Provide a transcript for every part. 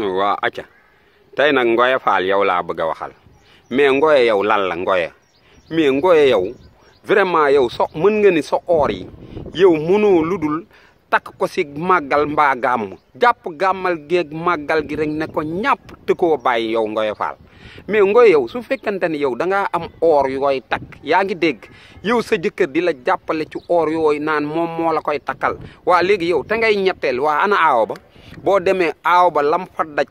waa acca tey nag Ngoye Fall yow laa bëgg a waxal mais Ngoye yow lan la Ngoye mais Ngoye yow vraiment yow so mën nga ni sa oor yi yow mënoo dul takk ko si màggal mbaa gàmm jàpp gàmmal géeg màggal gi rek ne ko ñàpp te koo bàyyi yow Ngoye Fall mais ngoy yow su fekkante ni yow da ngaa am or yooy takk yaa ngi dégg yow sa jëkkër di la jàppale ci or yooy naan moom moo la koy takkal waa léegi yow te ngay ñetteel waa ana aaw ba boo demee aaw ba lam fa daj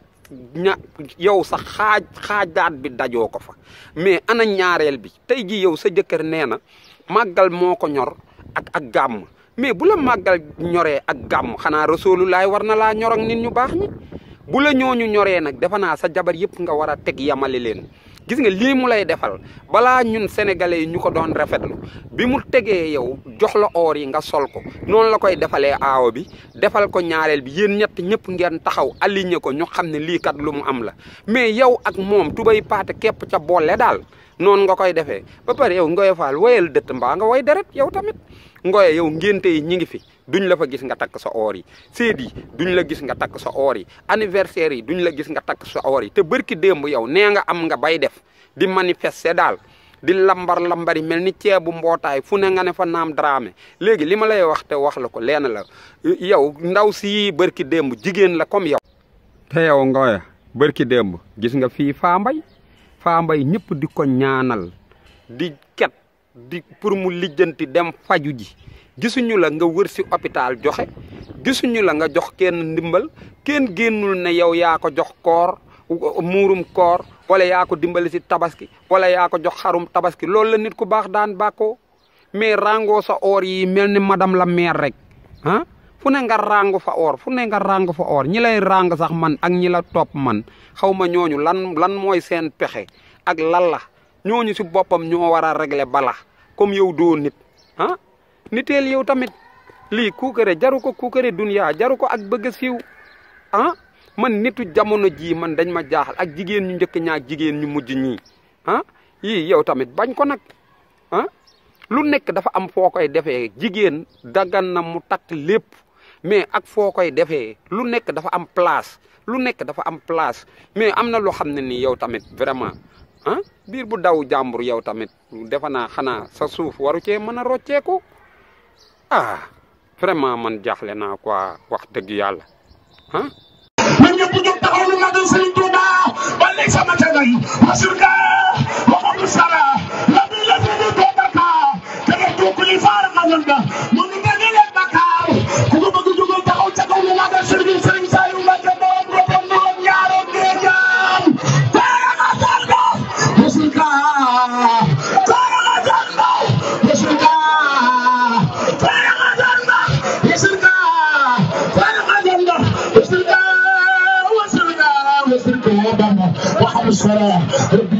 ña yow sa xaaj xaajaat bi dajoo ko fa mais ana ñaareel bi tey ji yow sa jëkkër nee na màggal moo ko ñor ak ak gàmm mais bu la màggal ñoree ak gàmm xanaa rasoolulaay war na laa ñor nit ñu baax ñi bu la ñooñu ñoree nag defe naa sa jabar yëpp nga war a teg yamale leen gis nga lii mu lay defal balaa ñun sénégalais yi ñu ko doon rafet lu bi mu tegee yow jox la oor yi nga sol ko noonu la koy defalee aawo bi defal ko ñaareel bi yéen ñett ñëpp ngeen taxaw aligné ko ñu xam ne lii kat lu mu am la mais yow ak moom tubay paate képp ca boole daal noonu nga koy defee ba pare yow nga Fall woyal dëtt mbaa nga woy deret yow tamit Ngoye yow ngénte yi ñi ngi fi duñ la fa gis nga takk sa oor yi seet yi duñ la gis nga takk sa oor yi anniversaire yi duñu la gis nga takk sa oor yi te bërki démb yow nee nga am nga bay def di manifester daal di lambar lambar yi mel ni ceebu mbootaay fu ne nga ne fa naam daraame léegi li ma lay wax te wax la ko leen la yow ndaw si bërki démb jigéen la comme yow. te yow Ngoye bërki démb gis nga fii Faa Mbay Faa ñëpp di ko ñaanal di ket di pour mu lijjanti dem faju ji. gisuñu la nga wër si hôpital joxe gisuñu la nga jox kenn ndimbal kenn génnul na yow yaa ko jox koor muurum koor wala yaa ko dimbali si tabaski wala yaa ko jox xarum tabaski loolu la nit ku baax daan baako mais rango sa or yi mel ni madam la maire rek ah fu ne nga ràngu fa or fu ne nga ràngu fa or ñi lay ràng sax man ak ñi la topp man xaw ma ñooñu lan lan mooy seen pexe ak lan la ñooñu si boppam ñoo war a régler bala comme yow doo nit ah niteel yow tamit lii kuukare jaru ko kuukare duniyaa jaru ko ak bëgg a ah man nitu jamono jii man dañ ma jaaxal ak jigéen ñu njëkk ñaak jigéen ñu mujj ñii ah yii yow tamit bañ ko nag ah lu nekk dafa am foo koy defee jigéen daggan na mu takk lépp mais ak foo koy defee lu nekk dafa am place lu nekk dafa am place mais am na loo xam ne ni yow tamit vraiment ah biir bu daw jàmbur yow tamit defe naa xanaa sa suuf waru cee mën a rocceeku ah vraiment man jaaxle naa quoi wax dëgg yàlla ah. ñun ñëpp ñu taxaw lu magal Serigne Touba ba léegi sama tënk yi Masur Ka waxoon Sara.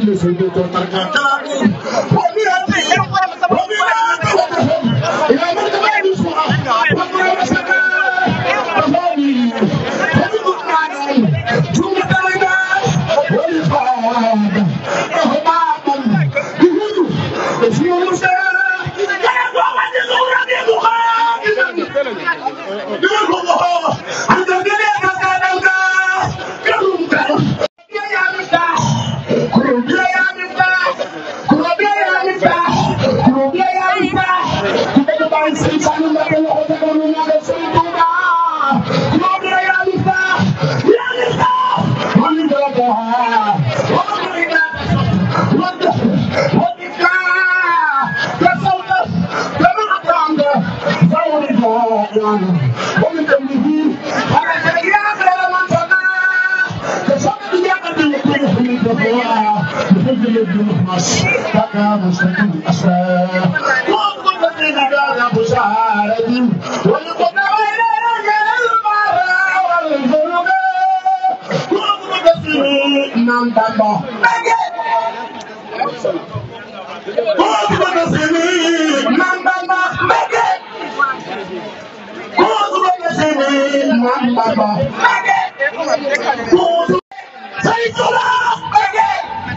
le Seigneur ton waaye sëñ Saliou Mbacké loxo tegoon na ñaanal sëñ Touba moo dara yaa ngi baax yaa ngi baax man li dara ko haa wala bëri na wala wala kaa ka saw na dama attend saw ni ko yaanu wala dem di biir wala te yaa dara man sa naa te saw na di yaakaar ne ko ni ko yaa dafa jëlee dund mas kaka mas na tudd asaa borom Bamba koo su ko dese nii man Bamba Mbacké koo su ko dese nii man Bamba Mbacké koo su Serigne Touba Mbacké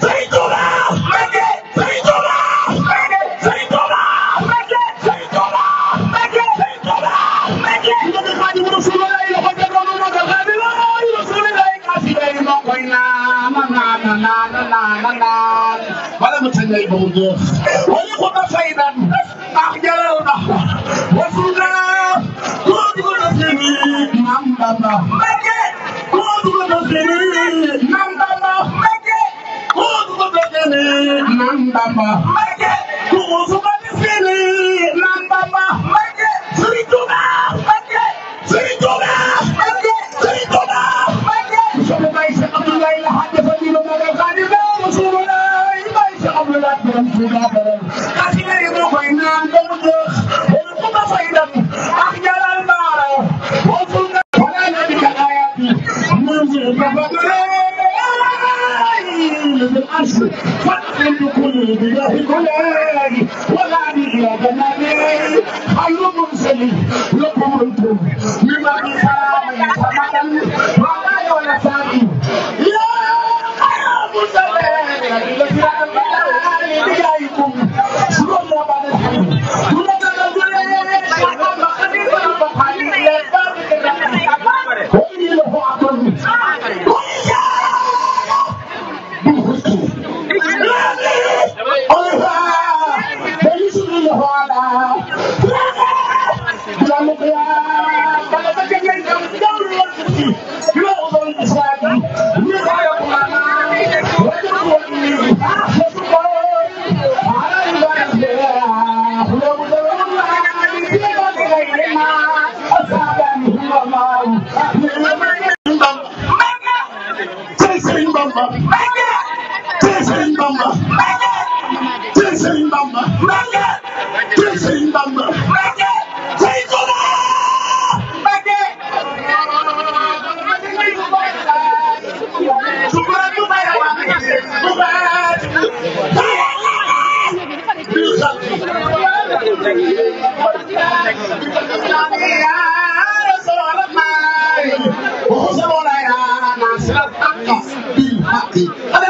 Serigne Touba Mbacké Serigne Touba Mbacké Serigne Touba Mbacké Serigne Touba Mbacké Serigne Touba Mbacké Serigne Touba Mbacké Serigne Touba Mbacké naan naan naan naan bala mu tëjee ba mu jeex wala ko ba fay naan ndax jaral na wasu naa koo dugal na seen i naam bamba mbàkke koo dugal na seen i naam bamba mbàkke koo dugal na seen i naam bamba mbàkke koo dugal na seen i بالله كلاي ولاني إلى جناني حلو منزلي لقمت مما بالحق